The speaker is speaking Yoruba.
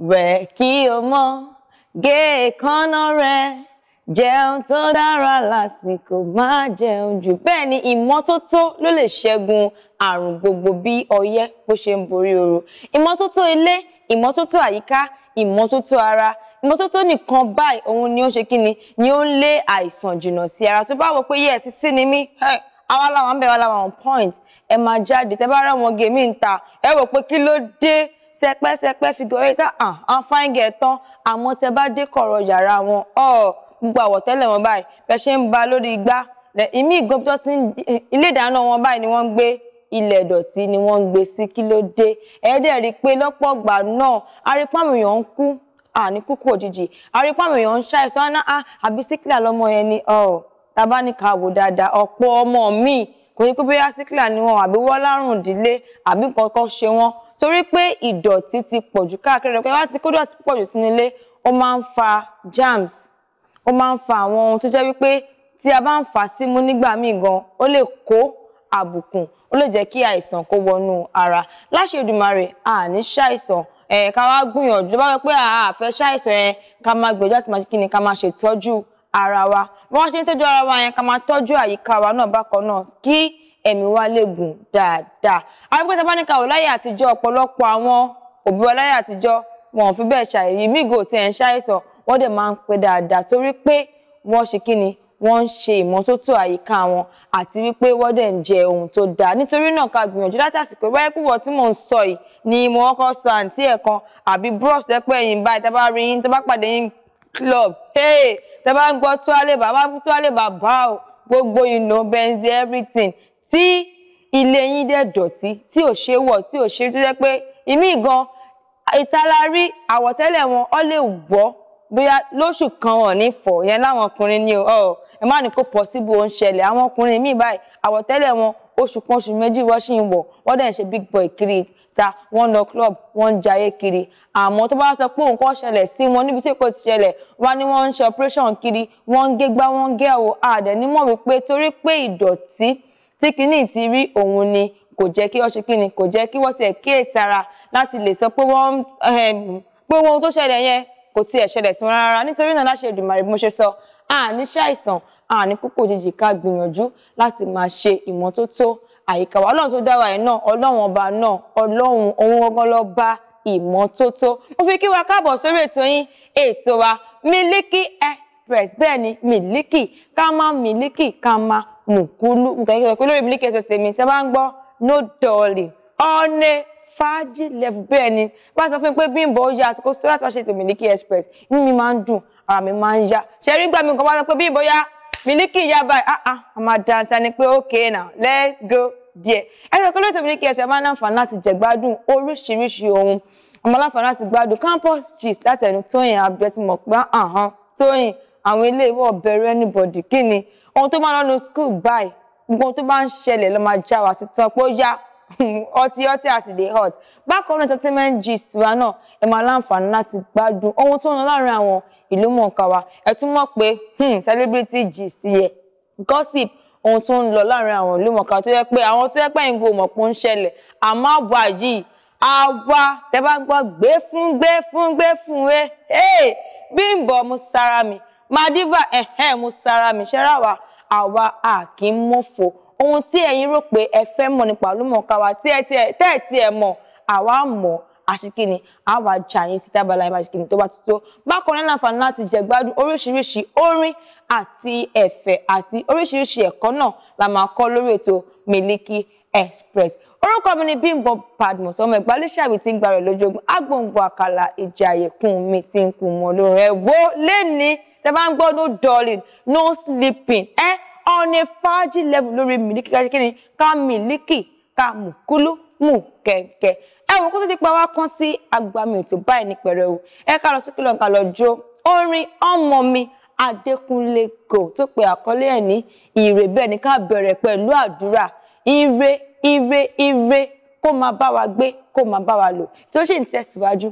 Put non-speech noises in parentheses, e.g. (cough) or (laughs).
wẹ̀ kí o mọ́ gé èékánná rẹ jẹun tó dára lásìkò má jẹun jù bẹ́ẹ̀ ni ìmọ́tótó ló lè ṣẹ́gun àrùn gbogbo bí ọyẹ́ bó ṣe ń borí ooru ìmọ́tótó ilé ìmọ́tótó àyíká ìmọ́tótó ara ìmọ́tótó nìkan báyìí òun ni ó ṣe kí ni ni ó ń lé àìsàn jìnnà sí ara tó bá wọ pé yẹ ẹsì sí ni mí àwa làwọn ń bẹ wa làwọn point ẹ máa jáde tẹ bá rẹ wọn gèmí ń ta ẹ wò pé kí ló dé sẹpẹ́sẹpẹ́ figure eight ah àwọn fine girl tán àmọ́ tẹ bá dé kọ̀rọ̀ yàrá wọn gbogbo àwọ̀tẹ́lẹ̀ wọn báyìí bẹ́ẹ̀ ṣe ń ba lórí igbá ìmí ìgbọ́njọ́ tí ilé ìdáná wọn báyìí ni wọ́n ń gbé ilẹ̀ ìdọ̀tí ni wọ́n ń gbé sí kí ló dé ẹ̀ẹ́dẹ̀ rí i pé lọ́pọ̀ ọgbà náà arípàmù èèyàn ń kú àní kúkú òjijì arípàmù èèyàn ń ṣàìsàn ọ̀nà ah, àbí síkìlà lọ́mọ yẹn ni tabaníkà wò dáadáa ọ̀pọ̀ ọmọ míì kò ní pé bóyá síkìlà ni wọn àbí wọ́n lárùn ìdílé àbí nǹkan kan ṣe wọ́n torí pé ìdọ̀tí ti pọ̀jù káàkiri rẹ̀ pé wá ti kó dọ̀tí pọ̀jù sínú ilé ó máa ń fa germs ó máa ń fa àwọn ohun tó jẹ́ wípé tí a bá ń fà á símú nígbà míì gan ó lè kó àbùkùn ó lè jẹ́ kí àìsàn kó wọnú ara láṣẹ Èdùmàrè àní ṣàìsàn ẹ ká wá gbìyànjú bá wẹ pé àá fẹ́ ṣàìsàn yẹn ká máa gbìyànjú àti máa ṣe kíni ká máa ṣètọ́jú ara wa bí wọ́n ṣe ń tọ́jú ara wa yẹn ká máa tọ́jú àyíká wa náà bákan náà kí ẹ̀mí wa lè gùn dáadáa àwọn pé tabaníkà ò láyé àtijọ́ ọ̀pọ̀lọpọ̀ àwọn òbí wa láyé àtijọ́ wọn ò fi bẹ́ẹ̀ ṣàyẹ̀yí mígò tí ẹ̀ ń ṣàìsàn wọ́n dẹ̀ máa ń pẹ́ dáadáa torí pé wọ́n ṣe kí ni wọ́n ń ṣe ìmọ́tótó àyíká wọn àti wípé wọ́n dẹ̀ ń jẹ ohun tó dáa nítorí náà ká gbìyànjú láti àsìkò ìwáyé púpọ̀ tí mò ń sọ yìí ni mo kọ́kọ́ sọ àǹtí ẹ̀ kan àbí bros tẹ́pẹ́ yìí báyìí tá bá rí yín tá bá pàdé yín club hey tá bá ń gbọ́ tó alẹ́ bàbá tó alẹ́ bàbá o gbogbo ìnà bẹ́ńsì everything tí ilé yín dẹ̀ dọ̀tí tí ò ṣe wọ̀ tí ò ṣe tó jẹ́ pé ìmí gan ìtalárí àwọ̀tẹ́lẹ̀ wọn ọ́ lè wọ́ bóyá lóṣù kan wọn ní fọ̀ yẹn láwọn ọkùnrin ni ọ ẹ má ní kó pọ̀síbù ó ń ṣẹlẹ̀ àwọn ọkùnrin míì báyìí àwọ̀tẹ́lẹ̀ wọn oṣù kan oṣù méjì wọ́n ṣì ń wọ̀ wọ́n dẹ̀ ń ṣe big boy kiri ta wọ́n lọ club wọ́n ń jayé kiri àmọ́ tó bá sọ pé nǹkan ṣẹlẹ̀ sí wọn níbi tí kò ti ṣẹlẹ̀ wá ní wọ́n ń ṣe operation kiri wọ́n ń gégbá wọ́n ń gẹ́ o àdẹ̀ nímọ̀ wípé torí pé ìdọ̀tí tí kinní ti rí òun ni kò jẹ́ kí wọ́n ṣe kí ni kò jẹ́ kí wọ́n tiẹ̀ kíyèsí ara láti lè sọ pé wọ́n ehm, pé ohun tó ṣẹlẹ̀ yẹn kò tiẹ̀ ṣẹlẹ̀ sí wọn rárá nítorí náà láṣẹ Èdùmàrè bí mo ṣe sọ àní ṣàìsàn àní kókò jìjì ká gbìyànjú láti máa ṣe ìmọ́tótó àyíká wa ọlọ́run tó dá wa náà ọlọ́run ọba náà ọlọ́run ohun gangan ló bá ìmọ́tótó mo fi kí wa káàbọ̀ sórí ètò yín ètò wa Miliki Express bẹ́ẹ̀ ni Miliki ká má Miliki ká má mùkúlù nǹkan yìí sọ pé lórí Miliki no dolly ọ̀nẹ́ fàájì lẹ́fù bẹ́ẹ̀ ni bá a sọ fún mi So Bímbọ́ ó yá àsìkò Miliki Express inú mi máa ń dùn ara mi máa ń yá ṣe rí gbà mí nǹkan bá sọ pé Bímbọ́ Miliki yá báyìí ah ah a máa ni pé okay now let's go there ẹ sọ pé lórí ètò Miliki Express máa ń láǹfààní láti jẹ̀gbádùn oríṣiríṣi ohun ọmọ láǹfààní láti gbádùn campus gist látẹnu Tóyìn Abiotimọ̀pá àhán ah, ah, Tóyìn àwọn ilé ìwọ̀ bẹ̀rẹ̀ anybody kí ni ohun tó máa ń lọ́nu school báyìí gbogbo ohun tó bá ń ṣẹlẹ̀ ló máa já wa sí tán pé ó yá (laughs) ọtí ọtí àti the hot bákan náà entertainment gist wa náà ẹ máa láǹfààní láti gbádùn ohun tó ń lọ láàrin àwọn ìlú mọ̀ọ́ká wa ẹ tún mọ̀ pé hmm, celebrity gist yẹ gossip ohun tó ń lọ láàrin àwọn ìlú mọ̀ọ́ká tó yẹ pé àwọn tó yẹ pé ìgò mọ̀pọ̀ ń ṣẹlẹ̀ àmọ́ àbọ̀ àjí àwa tẹ bá gbọ́ gbé fún gbé fún gbé fún eh, ẹ Bímbọ́ mo sára mi Madiva mo sára mi ṣẹ́ra wa àwa a kì í mọ̀fọ̀ ohun tí ẹ̀yin rò pé ẹ fẹ́ mọ̀ nípa olúmọ̀ọ́ká wa tí ẹ tí ẹ tẹ́ ẹ tí ẹ mọ̀ àwa mọ̀ àṣekínni àwa jà yín sí tábàlà ìbá àṣekínni tó bá ti tó bákan náà láǹfààní láti jẹ gbádùn oríṣiríṣi orin àti ẹ̀fẹ̀ àti oríṣiríṣi ẹ̀kọ́ náà la máa kọ́ lórí ètò Miliki Express orúkọ mi ni Bímbọ Badmus ọmọ ẹgbàá lẹsàbí tí ń gba rẹ lójoogun agbóǹgbò àkàlà ìjà àyẹkùn mi ti ń kù mọ lórí ẹ wo lẹni tẹ bá ń gbọ́ no darling no sleeping eh? on a fàájì level lórí Miliki ká ṣe kí ni ká Miliki ká mùkúlú mù kẹ̀kẹ́ ẹ wò kó tó di pa wá kán sí agbami ètò báyìí ní pẹ̀rẹ̀ o ẹ ká lọ sókè lọ ká lọ jó orin ọmọ mi Adékúnlé Gold tó pe àkọlé ẹ̀ ní ire bẹ́ẹ̀ ni ká bẹ̀rẹ̀ pẹ̀lú àdúrà ire ire ire kó máa bá wa gbé kó máa bá wa lò tí ó sì ń tẹ̀síwájú